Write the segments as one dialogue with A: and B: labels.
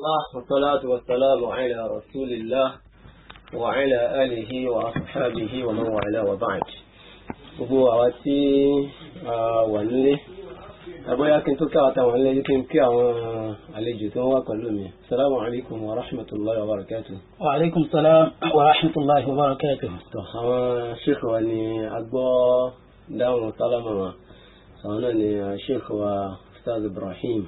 A: الله والصلاة والسلام على رسول الله وعلى آله وأصحابه ومن والاه وبعد gbogbo àwa tí a wà nílé abóyá kí n tó káwà táwọn nílé kí n kí àwọn àlejò tó ń wá pẹ̀lú mi salamu alaykum wa rahmatulahi wa barakatu.
B: wa alaykum salam wa rahmatulahi wa barakatu.
A: tó àwọn sheikh wa ni a gbọ́ dáhùn sálámà wa àwọn náà ni sheikh wa ustaz ibrahim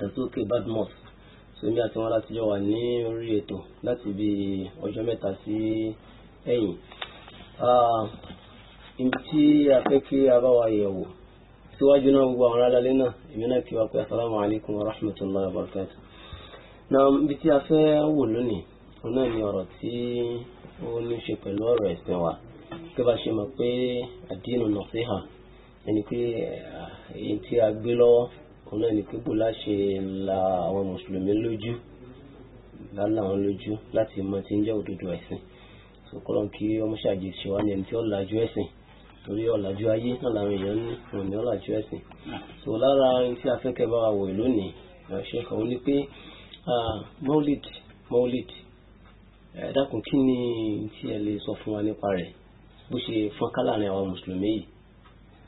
A: dasuki badmus sèmi àti wọn láti jọ wà ní orí ètò láti bí ọjọ́ mẹ́ta sí ẹ̀yìn ah, tí a fẹ́ kí a bá wa yẹ̀wò síwájú náà gbogbo àwọn alálẹ́ náà èmi náà kí wa pé asalaamu alaykum wa rahmatulahi wa barakatu. na ibi tí a fẹ́ wò lónìí òun náà ni ọ̀rọ̀ tí ó ní ṣe pẹ̀lú ọ̀rọ̀ ẹ̀sìn wa kí bá ṣe mọ̀ pé àdínù nasiha ẹni pé ah, èyí tí a gbé lọ́wọ́ òun náà ní láṣẹ la àwọn mùsùlùmí lójú lálẹ́ àwọn lójú láti mọ tí ń jẹ́ òdodo ẹ̀sìn sọkọlọ́n kí ọmọ ṣàjì ṣe wá ní ẹni tí ó làjú ẹ̀sìn torí ọ̀làjú ayé náà làwọn èèyàn ní wọn ní ọ̀làjú ẹ̀sìn so lára ohun tí afẹ́kẹ́ bá wà wò lónìí ọ̀ṣẹ́ kan ó ní pé maulid maulid ẹ dákun kí ni tí ẹ lè sọ fún wa nípa rẹ̀ bó ṣe fọ́nká láàrin àwọn mùsùlùmí yìí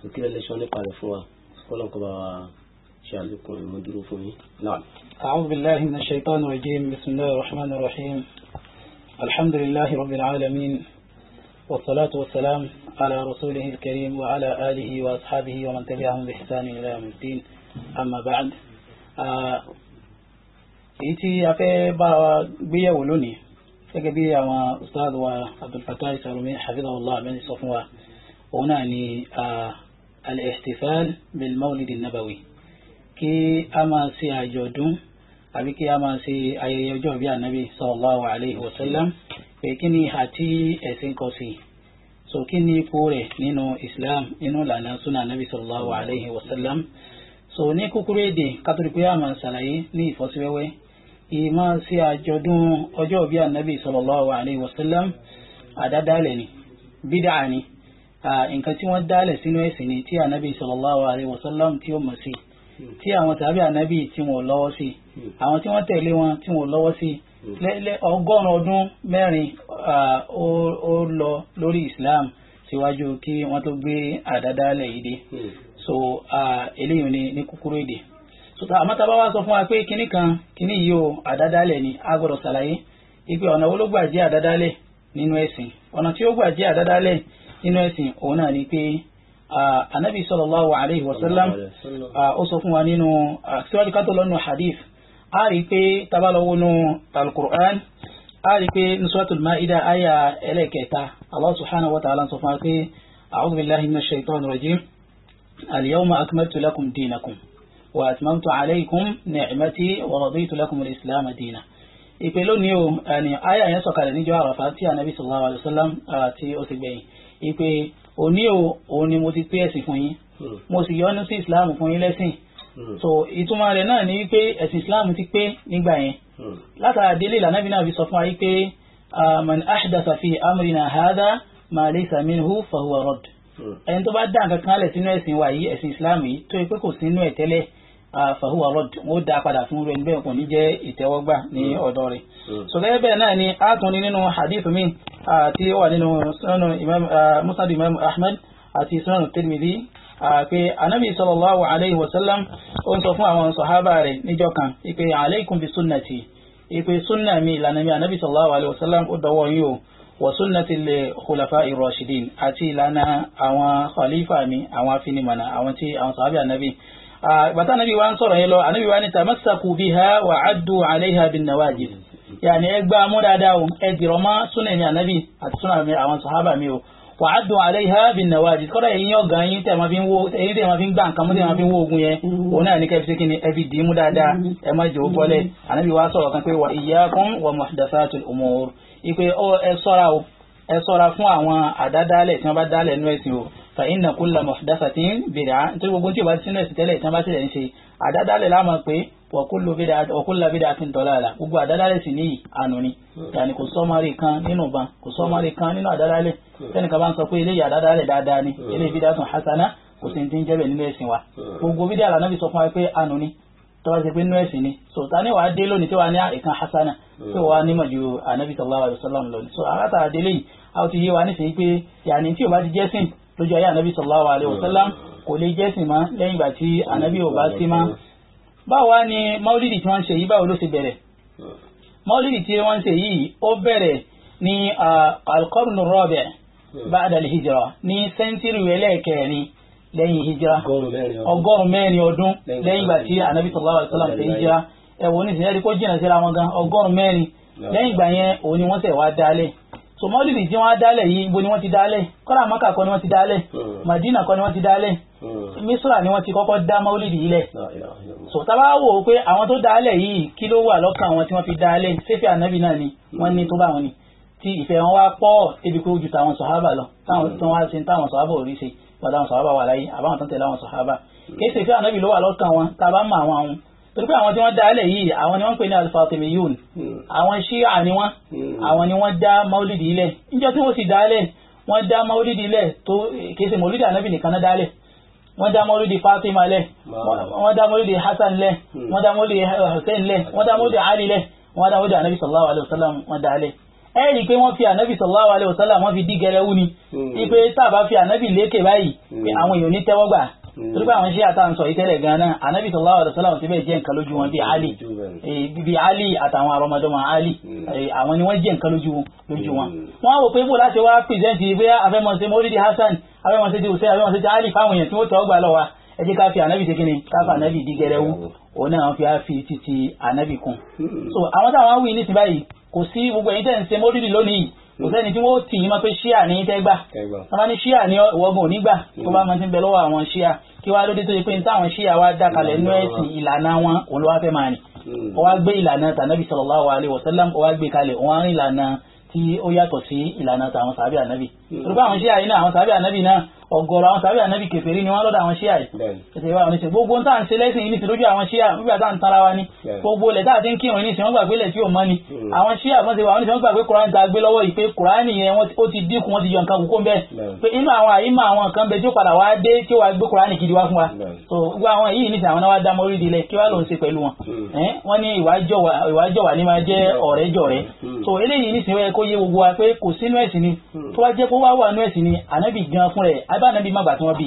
A: òkè ẹ lè sọ nípa rẹ̀ fún wa sọkọlọ́n kọ́ bá wa. شاء الله يكون نعم
B: أعوذ بالله من الشيطان الرجيم بسم الله الرحمن الرحيم الحمد لله رب العالمين والصلاة والسلام على رسوله الكريم وعلى آله وأصحابه ومن تبعهم بإحسان إلى يوم الدين أما بعد آه، إيتي أفي بيا ولوني فكبي يا أستاذ وعبد الفتاح سالمين حفظه الله من صفوة هنا آه، الاحتفال بالمولد النبوي kí a máa ṣe àjọ̀dún àbí kí a máa ṣe ayẹyẹ ọjọ́ ìbí ànábì sallallahu alayhi wa sallam pé kí ni ìhà tí ẹ̀sìn kọ sí so kí ni ipò rẹ̀ nínú islam nínú ìlànà súnà ànábì sallallahu alayhi wa sallam so ní kúkúrú èdè kátólì pé a máa ṣàlàyé ní ìfọ́síwẹ́wẹ́ ìmọ̀ ṣe àjọ̀dún ọjọ́ ìbí ànábì sallallahu alayhi wa sallam àdádálẹ̀ ni bídà ni nǹkan tí wọ́n dálẹ̀ sínú ẹ̀sìn ni tí ànábì sallallahu alayhi wa tí ó mọ̀ sí i tí àwọn tàbí ànábì tí wọ́n lọ́wọ́ sí hmm. àwọn tí wọ́n tẹ̀lé wọn tí wọ́n lọ́wọ́ sí
C: hmm.
B: ọgọ́rùn ọdún mẹ́rin ó lọ lórí Islam síwájú kí wọ́n tó gbé àdádálẹ̀ yìí dé hmm. so eléyìí ni ní kúkúrú èdè sọta àmọ́ tá a bá wá sọ fún wa pé kinní kan kinní yìí o àdádálẹ̀ ni a gbọ́dọ̀ ṣàlàyé ipe ọ̀nà wo ló gbà jẹ́ àdádálẹ̀ nínú ẹ̀sìn ọ̀nà tí ó gbà jẹ́ àdádálẹ̀ nínú ẹ̀sìn òun náà ni pé anabi sallallahu alayhi wa sallam ó sọ fún wa nínú síwájú kátó lọ́nu hadith a rí i pé tabalọ́wọ́ nu alukur'an a rí i pé nusratul ma'ida aya ẹlẹ́kẹta allah subhanahu wa ta'ala sọ fún wa pé a'udhu billahi minash shaitanir rajim al-yawma akmaltu lakum dinakum wa atmamtu alaykum ni'mati wa raditu lakum al-islam dinan ìpè lónìí o àní àyà yẹn sọ̀kalẹ̀ níjọ́ àràfà tí anabi sallallahu alayhi wa sallam ti ó ti gbẹ̀yìn ìpè òní o òun ni mo ti pé ẹ̀sìn fún yín hmm. mo sì yọ́nú sí islam fún yín lẹ́sìn hmm. so ìtumọ̀ rẹ̀ náà ni wípé ẹ̀sìn islam ti pé nígbà yẹn hmm. látara délé ìlànà bí náà fi sọ fún wa wípé man ahdatha fi amrina hadha ma laysa minhu fahuwa radd ẹni tó bá dá nǹkan kan lẹ̀ sínú ẹ̀sìn wa yìí ẹ̀sìn islam yìí tó yẹ pé kò sínú ẹ̀ tẹ́lẹ̀ Ah, fàhùwà rọd wọn dá padà fún rẹ níbẹ̀ kò ní jẹ́ ìtẹ́wọ́gbà ní hmm. ọ̀dọ̀ rẹ̀. Hmm. so gẹ́gẹ́ bẹ́ẹ̀ náà ni a tún ní nínú hadith mi tí ó wà nínú sanu imam musnad imam ahmed àti sanu tirmidhi pé anabi sallallahu alayhi wa sallam ó ń sọ fún àwọn sahaba rẹ̀ níjọ́ kan ipe alaykum bi sunnati ipe sunna mi ìlànà mi anabi sallallahu alayhi wa sallam ó dọwọ́ yín o wa sunnati lè khulafa irashidin àti ìlànà àwọn khalifa mi àwọn afinimọ̀nà àwọn tí àwọn sahabi anabi. Ah, bàtà anabi wa ń sọ̀rọ̀ yẹn lọ anabi wa ni tamasaku biha wa addu alayha bin nawajid yàní ẹ gbá mú dáadáa o ẹ dìrọ̀ mọ́ súnà mi anabi àti súnà mi àwọn sàhábà mi o wa addu alayha bin nawajid kọ́dà èyí yóò gan yín tẹ̀ ma fi ń wo èyí tẹ̀ ma fi ń gbà nǹkan mú tẹ̀ ma fi ń wo ogun yẹn òun náà ní kẹ́ fi ṣe kíni ẹ fi dì í mú dáadáa ẹ má jò ó bọ́lẹ̀ anabi wa sọ̀rọ̀ kan pé wa iyyakum wa muhdathatil umur ipe ẹ ṣọ́ra o ẹ ṣọ́ra fún àwọn àdádálẹ̀ tí wọ́n bá dálẹ̀ nú ẹ̀sìn o fa inna kulla muhdathatin bid'a nítorí gbogbo tí o bá ti sínú ẹ̀sìn tẹ́lẹ̀ tí wọ́n bá ti rẹ̀ ń ṣe àdádálẹ̀ láàmú pé wa kullu bid'atin dalalah gbogbo àdádálẹ̀ sì ní àná ni yàní kò sọ́mọ́rì kan nínú ban kò sọ́mọ́rì kan nínú àdádálẹ̀ tẹ́nìkan bá ń sọ pé eléyìí àdádálẹ̀ dáadáa ni hmm. eléyìí bid'atun hasana kò sí ti ń jẹ́bẹ̀ nínú ẹ̀sìn wa hmm. gbogbo bídà àlànà fi sọ fún wa pé àná ni tọ́wọ́ ti pé nínú ẹ̀sìn ni so ni wàá dé lónìí tí wàá ní ah, ìkan hasana hmm. tí wàá nímọ̀ ju ànábì sallallahu alaihi wasallam lónìí so aláta àdélé yìí a ti yé wa nísìnyí pé yàní tí o bá ti jẹ́ sìn lójú ayé ànábì sallallahu alaihi kò lè jẹ́ sìn mọ́ lẹ́yìn ìgbà tí ànábì ò bá sí báwa ni maulidi tí wọ́n ń ṣe yìí báwo ló ṣe bẹ̀rẹ̀ maulidi tí wọ́n ń ṣe yìí ó bẹ̀rẹ̀ ní alqarnu rabi ba'da al-hijra ní sẹ́ńtírì lẹ́yìn hijra ọgọ́rùn mẹ́rin ọdún lẹ́yìn tí ànábì ṣe hijra ẹ̀wọ̀n sòmọ́lìdì tí wọ́n á dálẹ̀ yìí ibo ni wọ́n ti dálẹ̀ kọ́lá mọ́kà kọ́ ni wọ́n ti dálẹ̀ madina hmm. kọ́ ni wọ́n ti dálẹ̀ misra hmm. ni wọ́n ti kọ́kọ́ dá mọ́lìdì yìí lẹ̀ so tábà wò ó pé àwọn tó dálẹ̀ yìí kí ló wà lọ́kàn àwọn tí wọ́n fi dálẹ̀ sẹ́fẹ̀ ànábì náà ni wọ́n ní tó bá wọn ni tí ìfẹ́ wọn wá pọ̀ débi pé ojú tàwọn sọ̀hábà lọ táwọn hmm. tó wá sí táwọn sọ̀hábà ò rí ṣe pàtàkùn sọ̀hábà wà láyé àbáwọn tó ń tẹ̀lé àwọn sọ̀hábà kí sẹ́fẹ̀ ànábì ló wà lọ́kàn wọn tábà mọ àwọn àwọn torí pé àwọn tí wọ́n dá alẹ̀ yìí àwọn ni wọ́n pè ní al-Fatimiyun hmm. àwọn ṣíà ni wọ́n hmm. àwọn ni wọ́n dá maulidi ilẹ̀ níjọ́ tí wọ́n sì dá alẹ̀ wọ́n dá maulidi ilẹ̀ tó kìí ṣe maulidi anabi nìkan náà dá alẹ̀ wọ́n dá maulidi Fatima lẹ̀ wọ́n dá maulidi Hasan lẹ̀ hmm. wọ́n dá maulidi eh, Hussein lẹ̀ wọ́n dá maulidi Ali lẹ̀ wọ́n dá maulidi anabi sallallahu alayhi wa sallam wọ́n dá alẹ̀ ẹ rí i pé wọ́n fi ànábì sallallahu alayhi wọ́n fi dí gẹrẹ́wú ni ipe tá a bá fi ànábì lékè báyìí àwọn èèyàn ní tẹ́wọ́gbà Mm. torípé àwọn ṣíà tá à ń sọ ìtẹ́lẹ̀ gan-an anabi sallallahu alayhi wa sallam ti bẹ́ẹ̀ bi nǹkan lójú wọn bíi mm. ali eh, bíi ali àtàwọn àrọmọdọ́mọ ali mm. eh, àwọn ni wọ́n jẹ́ nǹkan lójú wọn. wọ́n á wò pé bó láti wá pìrìsẹ́ǹtì bóyá afẹ́mọ̀sẹ́ mọ́rídìí hasan afẹ́mọ̀sẹ́ ti hussein afẹ́mọ̀sẹ́ ti ali fáwọn èèyàn tí wọ́n tọ́ gbà lọ wa ẹ jẹ́ ká fi ànábì ṣe kíni ká fi ànábì di gẹrẹwu òun náà fi á fi títí ànábì kún. so àwọn táwọn wí ní ti báyìí kò sí gbogbo ẹ̀yin tẹ̀ ń ṣe mọ́rídìí kò sẹ́ni tí wọ́n tì yín mọ́ pé ṣíà ní tẹ́gbà tọ́ba ní ṣíà ní wọ́gbọ̀n nígbà tó bá mọ ti ń bẹ lọ́wọ́ àwọn ṣíà kí wàá lóde tó yẹ pé táwọn ṣíà wá dá kalẹ̀ nú ẹ̀sìn ìlànà wọn òun ló wá fẹ́ máa rìn wọ́n hmm. wá gbé ìlànà tànàbí sallallahu alaihi wasallam wọ́n wá gbé kalẹ̀ wọ́n á rìn ìlànà tí ó yàtọ̀ sí ìlànà tàwọn sàbí ànábì rúbá àwọn ṣíà yìí náà àwọn sàbí ànábì náà ọ̀gọ̀rọ̀ àwọn sàbí ànábì kèfèrí ni wọ́n lọ́dọ̀ àwọn ṣíà yìí ètò ìwà àwọn ìṣe gbogbo ń tà ń ṣe lẹ́sìn yìí nítorí àwọn ṣíà nígbà tá à ń tara wa ni gbogbo ilẹ̀ tá à ti ń kírun níṣẹ́ wọ́n gbàgbé ilẹ̀ tí ò mọ́ ni hmm. àwọn ṣíà wọ́n ti wà wọ́n wọ́n gbàgbé Kùránì tá gbé lọ́wọ́ yìí pé Kùránì yẹn ó ti dínkù wọ́n ti yọ nǹkan kúkú bẹ́ẹ̀ pé inú àwọn àyímọ̀ àwọn nǹkan bẹ tí ó padà wá dé tí ó wá gbé Kùránì gidi wá fún wa so gbogbo àwọn yìí níṣẹ́ àwọn náà wá dámọ́ orí ilẹ̀ kí wá ló ń ṣe pẹ̀lú wọn hmm. wọ́n ní ìwájọ̀wà ní máa jẹ́ hmm. ọ̀rẹ́jọ̀rẹ́ so eléyìí níṣẹ́ kó yé gbogbo wa pé kò sínú ẹ̀sìn ni tó bá jẹ́ kó wá wà nú ẹ̀sìn ni ànábì gan fún rẹ̀ abá ànábì má bàtí wọ́n bì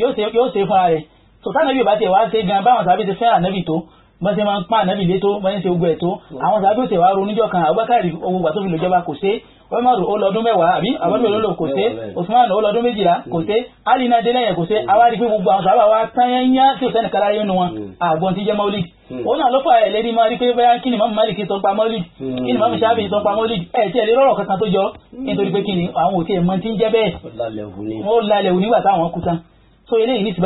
B: yóò ṣe fúnra rẹ̀ sọ̀tà ànábì ò bá tiẹ̀ wá ṣe gan báwọn sábẹ́ ti fẹ́ ànábì tó bọ́n ṣe máa ń pán ànábì létó bọ́n ṣe gbogbo ẹ̀ tó mm. àwọn sábẹ́ òṣèwà ronújọ́ kan àgbákàrí owó gbà tó fi lè kò ṣe Umaru ó lọ́dún mẹ́wàá àbí àbọ́dún mm. olóòlò kò ṣe Usman lọ́dún méjìlá kò ṣe Ali náà dé lẹ́yìn kò ṣe mm. awárí pé gbogbo àwọn sábà wa tán yẹn yá tí Hmm. òun náà ló fà ẹ̀ lérí máa rí pé bóyá kí ni mọ́mú Málìkì tó ń pa mọ́lìd hmm. kí ni mọ́mú Ṣáfì tó ń pa mọ́lìd ẹ̀ tí ẹ̀ lè rọ̀rọ̀ kankan tó jọ hmm. nítorí pé kí ni àwọn òkè ẹ̀ mọ́ ti ń jẹ́ bẹ́ẹ̀ ó lálẹ́ òní nígbà táwọn kú tán so eléyìí ní ti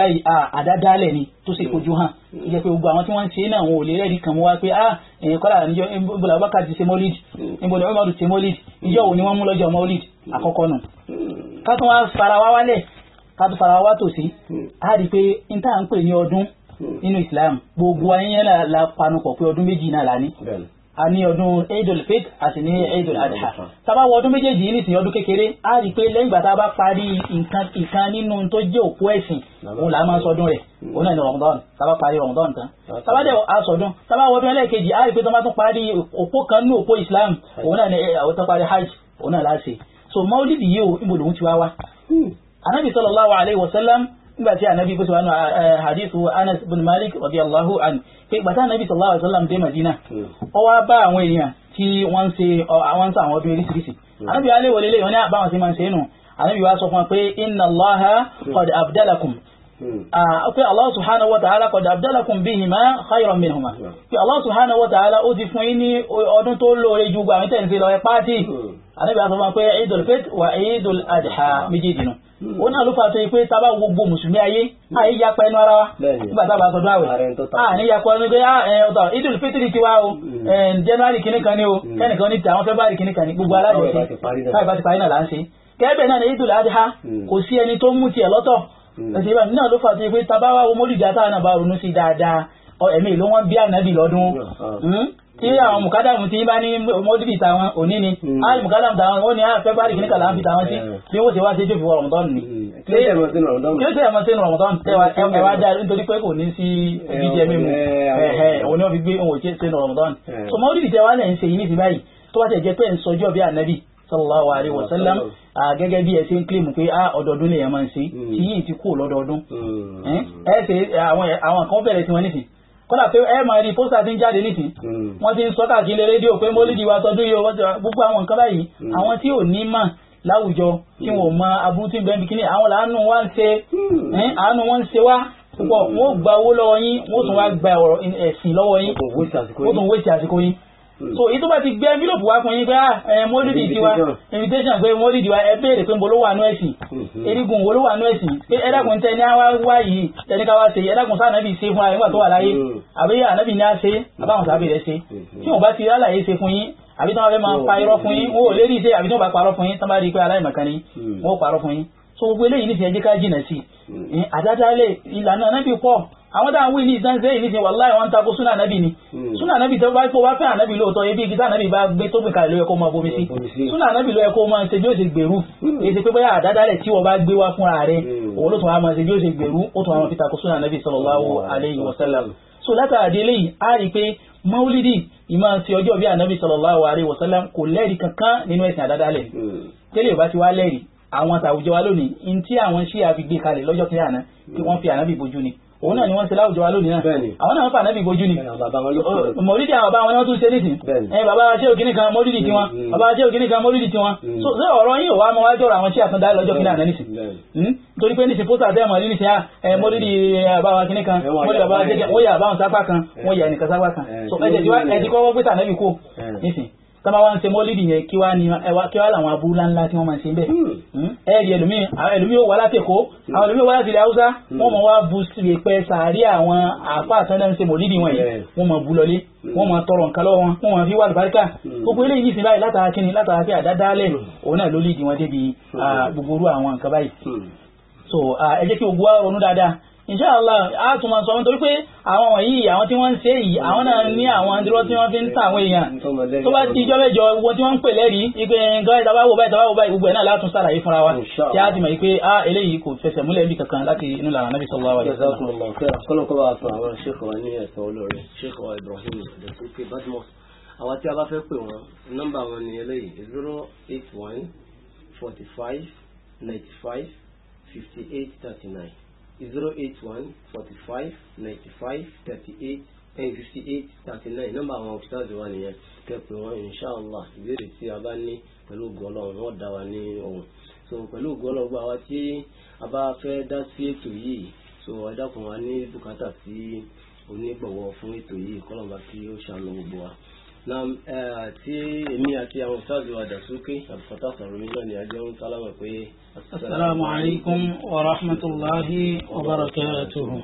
B: àdádálẹ̀ ni tó ṣe kojú hàn ìjẹ́ pé gbogbo àwọn tí wọ́n ń ṣe náà wọn ò lè rẹ́ẹ̀rí kan mú wá pé ah èyàn kọ́lá níjọ́ ìbòlà Abubakar ti ṣe mọ́lìd ìbòlà Umaru ti ṣe mọ́lìd ìjọ́ òní wọ́n mú lọ́jọ́ mọ́lìd àkọ́kọ́ nù ká tún wá fara wálẹ̀ ká tún fara wá tòsí á rí i pé n tá à ń pè ní ọdún nínú islam gbogbo ayẹyẹ la la panupọ̀ pé ọdún méjì náà la ní a ní ọdún eidul fit àti ní eidul adha sábà wọ ọdún méjèèjì yìí nìsín ọdún kékeré a rí i pé lẹ́yìn ìgbà tá a bá parí nǹkan ìkan nínú tó jẹ́ òkú ẹ̀sìn òun là á máa sọdún rẹ̀ mm. òun náà ní Ramadan sábà parí Ramadan tán sábà dẹ̀ asọdún sábà wọ ọdún ẹlẹ́ẹ̀kejì a rí i pé tó bá tún parí òpó kan ní òpó Islam òun náà ní eh, àwọn tó parí hajj òun náà láṣẹ so maulidi yìí o ibo lòun ti wá wá anabi hmm. sallallahu alayhi wa sallam nígbà tí ànábì bó ti wà nù eh, eh, hadith anas bin malik radiyallahu an pé ìgbà tí sallallahu alaihi wasallam sallam dé madina hmm. ó wá bá àwọn èèyàn tí wọ́n ń ṣe àwọn ń sọ àwọn ọdún eréṣiríṣi hmm. ànábì alẹ́ wọlé lé wọn ní àbáwọn sí máa ń ṣe nù ànábì wá sọ fún wa pé inna allaha hmm. qad abdalakum Ah, pé Allah subhanahu wa ta'ala qad abdalakum bihima khayran minhuma pé Allah subhanahu wa ta'ala ó ti fún yín ní ọdún tó lóore ju gbàmí tẹ̀sí lọ ẹ pàtì mm. àníbi àtọ́mọ́ pé idul fit wa idul adha méjèèjì nù mm. ó náà ló fàtó pé tábà gbogbo mùsùlùmí ayé àyè mm. yapa ẹnu ara wa nígbà tábà sọdún àwẹ̀ àní yapa ẹnu pé ah, ọ̀tọ̀ idul fitiri ti wá o january kìíní kan ní ẹ̀sìn ìbámu náà ló fà sí pé tabawa wo mólìdí àtàwọn náà bá ronú sí dáadáa ẹ̀mí ló wọ́n bí ànábì lọ́dún hmm? tí àwọn mùkádàmù tí bá ní mọ́dìbì tàwọn òní ni hmm. àì mùkádàmù tàwọn ó ní àfẹ́ bá rí kìíní kàlà ń fi tàwọn sí hmm. bí wọ́n ti wá sí jòfò ọ̀rọ̀mọ̀tọ́nù ni. kí ó tẹ̀ ẹ̀mọ́ sínú ọ̀rọ̀mọ̀tọ́nù ẹwà dáa nítorí pé kò ní sí jíjẹ mímu òun ni wọ́n fi gbé òun ò sínú ọ̀rọ̀mọ̀tọ́nù. sọmọ́dìbì tẹ wá lẹ̀ ń ṣe yìí ní ti báyìí sallallahu alayhi wa sallam ah, gẹ́gẹ́ bí ẹ ṣe ń claim pé ah, ọdọọdún lèèyàn máa ń ṣe hmm. tí yìí ti kú lọ́dọọdún hmm. eh, ẹ ṣe àwọn kan bẹ̀rẹ̀ tí wọ́n nìsín kódà pé ẹ máa rí pósítà tí ń jáde nìsín hmm. wọ́n ti ń sọ káàkiri rédíò pé mólídìí wa tọdún yìí gbogbo àwọn nǹkan báyìí àwọn tí ò ní mà láwùjọ tí wọn ò mọ aburú tí ń bẹ́ẹ̀ bikini àwọn làánú wa ń ṣe eh, àánú wọn ń ṣe wá púpọ̀ wọn ò gba owó lọ́wọ́ yín wọn ò tún wá gba ẹ̀sìn lọ́wọ́ yín wọn ò tún wéṣì àsìkò yín Hmm. so èyí tó bá ti gbé envelope wá fún yín pé ẹ ah, eh, mọ́lídìí tiwa invitation pé mọ́lídìí wa ẹ béèrè pé nbolo wà nú ẹ̀sìn hmm. erigun nbolo wà nú ẹ̀sìn pé ẹ̀dàkùn tẹ ní àwa wá yìí tẹni ká wá ṣe ẹ̀dàkùn sáà nàbì ṣe fún wa nígbà tó wà láyé hmm. àbí ànábì ní a ṣe àbáwọn sábì rẹ ṣe tí wọn bá ti rálàyé ṣe fún yín àbí tí wọn fẹ́ máa pa irọ́ fún yín wọn ò lérí iṣẹ́ àbí tí wọn bá parọ́ fún yín tí wọn bá rí i pé aláìmọ̀kan ni wọn ò parọ́ fún yín so gbogbo eléyìí ní ti àwọn dáa wí ní ìdánṣẹ́ ìní ti wàláhì wọ́n tako súnà nábì ni hmm. súnà nábì tó bá kó wá fẹ́ ànábì lóòótọ́ ibi igi tánábì bá gbé tó gbìn kalẹ̀ ló yẹ kó máa bomi sí súnà nábì ló yẹ kó máa ṣe bí ó ṣe gbèrú èsì hmm. pé bóyá àdádálẹ̀ tí wọ́n bá gbé wá fúnra rẹ̀ hmm. òun ló tún wá máa ṣe bí ó ṣe gbèrú ó tún wá máa fi tako súnà nábì sallallahu alayhi wa sallam so látàdé eléyìí a rí pé maulidi ìmọ̀ sí ọjọ́ bí ànábì sallallahu alayhi wa kò lẹ́rìí òun náà ni wọ́n ṣe láwùjọ wa lónìí náà àwọn náà ń fà náà bí bojú ni mọ̀lídìí àwọn bàbá wọn ni wọ́n tún ṣe nísìn ẹ bàbá ṣé ògínì kan mọ́lídì tí wọn mm, mm, mm. bàbá ṣé ògínì kan mọ́lídì tí wọn ṣé ọ̀rọ̀ yìí wà á mọ wá jọ̀rọ̀ àwọn tí àtúndá lọ́jọ́ kí náà nísìn hmm? torí pé nísìn pósà bẹ́ẹ̀ mọ̀lídì nísìn ẹ mọ́lídì bàbá kínní kan mọ́lídì bàbá jẹ́jẹ́ wọ́n yà báwọn sápá kan wọ́n yà ẹnìkan sápá kan kama wa ń ṣe mọ́lídì yẹn kí wá ní kí wá làwọn aburú ńláńlá tí wọ́n máa ń ṣe ń bẹ̀. Hmm. ẹ ẹ̀dì ẹlòmíì àwọn ẹlòmíì yóò wá láti Èkó hmm. àwọn ẹlòmíì wá láti ilẹ̀ Haúsá hmm. wọ́n mọ̀ wá bu sípè sàárì àwọn àpá àtọ́ndá ń ṣe mọ́lídì wọn yìí wọ́n mọ̀ bu lọlé wọ́n mọ̀ tọrọ nǹkan lọ́wọ́ wọn wọ́n mọ̀ fi wà lùbáríkà gbogbo eléyìí sì báyìí látara kíni látara pé àdádálẹ̀ òun náà ló wọn débi gbogbo orú àwọn nǹkan báyìí so ẹ jẹ́ kí gbogbo inshallah a tún máa sọ wọn torí pé àwọn wọ̀nyí àwọn tí wọ́n ń ṣe yìí àwọn náà ní àwọn dúró tí wọ́n fi ń ta àwọn èèyàn tó bá ti jọ́ mẹ́jọ wo tí wọ́n ń pè lẹ́rìí ipe nǹkan ìtabáwò báyìí ìtabáwò báyìí gbogbo ẹ̀ náà látún sàlàyé fúnra wa tí a ti mọ̀ pé a ah, eléyìí kò fẹsẹ̀ múlẹ̀ bí kankan láti inú làwọn anábì sọ wá wáyé.
A: àwọn tí a bá fẹ́ pè wọ́n nọ́mbà wọn ni eléyìí zero eight one forty five ninety five fifty eight thirty nine. 081 45 95 38 58 39 nọ́mbà àwọn òṣìṣẹ́ wa nìyẹn kẹ́pẹ́ wọn inṣàlá ìbéèrè tí a bá ní pẹ̀lú ògùn ọlọ́run wọn dá wa ní ọ̀hún so pẹ̀lú ògùn ọlọ́run gbọ́ àwa tí a bá fẹ́ dá sí ètò yìí so ẹ dákun wa ní bùkátà sí onígbọ̀wọ́ fún ètò yìí kọ́lọ́ba kí ó ṣàlọ́ gbogbo wa nam tí èmi àti àwọn sáàzù àdàsókè àbùfọ́tà sọ̀rọ̀ mi náà ni àjọ ń sálámà pé. asalaamualeykum
B: wa rahmatulahi wa barakatuhu.